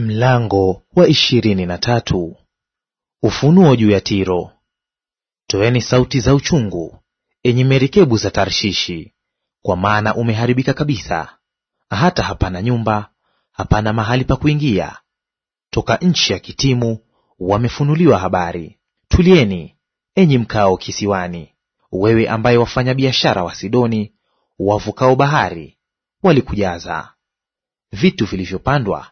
Mlango wa ishirini na tatu. Ufunuo juu ya Tiro. Toeni sauti za uchungu, enyi merikebu za Tarshishi, kwa maana umeharibika kabisa, hata hapana nyumba, hapana mahali pa kuingia. Toka nchi ya Kitimu wamefunuliwa habari. Tulieni, enyi mkao kisiwani, wewe ambaye wafanyabiashara wa Sidoni wavukao bahari walikujaza. Vitu vilivyopandwa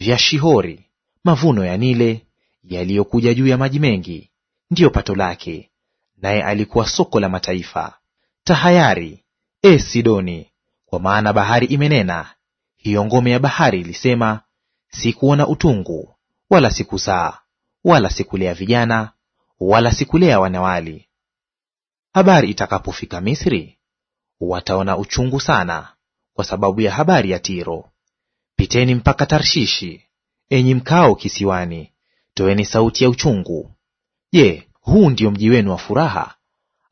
vya Shihori, mavuno ya nile yaliyokuja juu ya maji mengi, ndiyo pato lake, naye alikuwa soko la mataifa. Tahayari, e Sidoni, kwa maana bahari imenena; hiyo ngome ya bahari ilisema, sikuona utungu, wala sikuzaa, wala sikulea vijana, wala sikulea wanawali. Habari itakapofika Misri, wataona uchungu sana kwa sababu ya habari ya Tiro. Piteni mpaka Tarshishi, enyi mkao kisiwani, toeni sauti ya uchungu. Je, huu ndio mji wenu wa furaha,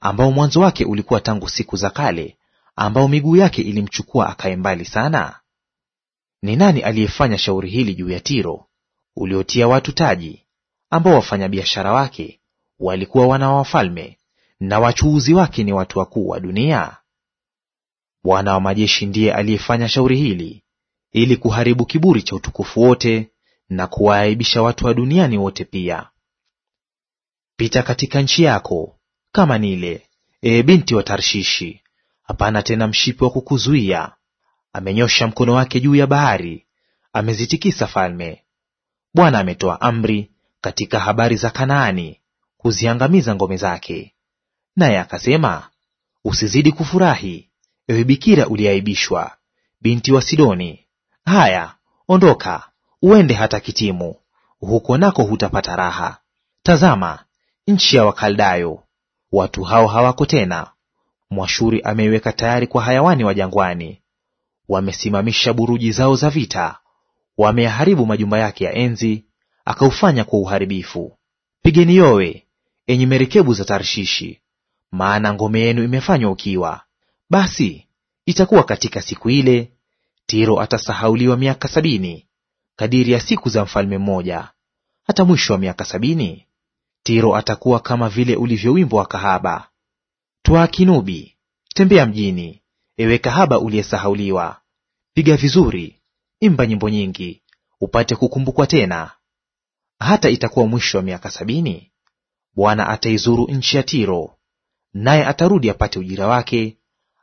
ambao mwanzo wake ulikuwa tangu siku za kale, ambao miguu yake ilimchukua akae mbali sana? Ni nani aliyefanya shauri hili juu ya Tiro, uliotia watu taji, ambao wafanyabiashara wake walikuwa wana wa wafalme, na wachuuzi wake ni watu wakuu wa dunia? Bwana wa majeshi ndiye aliyefanya shauri hili, ili kuharibu kiburi cha utukufu wote na kuwaaibisha watu wa duniani wote pia. Pita katika nchi yako kama nile ee binti wa Tarshishi; hapana tena mshipi wa kukuzuia. Amenyosha mkono wake juu ya bahari, amezitikisa falme. Bwana ametoa amri katika habari za Kanaani kuziangamiza ngome zake. Naye akasema, usizidi kufurahi, ewe bikira uliaibishwa, binti wa Sidoni, Haya, ondoka uende hata Kitimu, huko nako hutapata raha. Tazama nchi ya Wakaldayo, watu hao hawako tena. Mwashuri ameiweka tayari kwa hayawani wa jangwani. Wamesimamisha buruji zao za vita, wameyaharibu majumba yake ya enzi, akaufanya kwa uharibifu. Pigeni yowe, enyi merikebu za Tarshishi, maana ngome yenu imefanywa ukiwa. Basi itakuwa katika siku ile Tiro atasahauliwa miaka sabini kadiri ya siku za mfalme mmoja. Hata mwisho wa miaka sabini Tiro atakuwa kama vile ulivyo wimbo wa kahaba. Twaa kinubi, tembea mjini, ewe kahaba uliyesahauliwa; piga vizuri, imba nyimbo nyingi, upate kukumbukwa tena. Hata itakuwa mwisho wa miaka sabini Bwana ataizuru nchi ya Tiro, naye atarudi apate ujira wake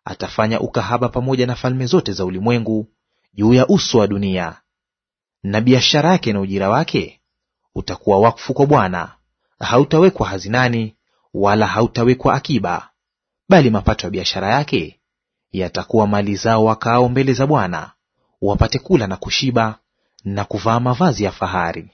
atafanya ukahaba pamoja na falme zote za ulimwengu juu ya uso wa dunia, na biashara yake na ujira wake utakuwa wakfu kwa Bwana, hautawekwa hazinani wala hautawekwa akiba, bali mapato ya biashara yake yatakuwa mali zao wakaao mbele za Bwana, wapate kula na kushiba na kuvaa mavazi ya fahari.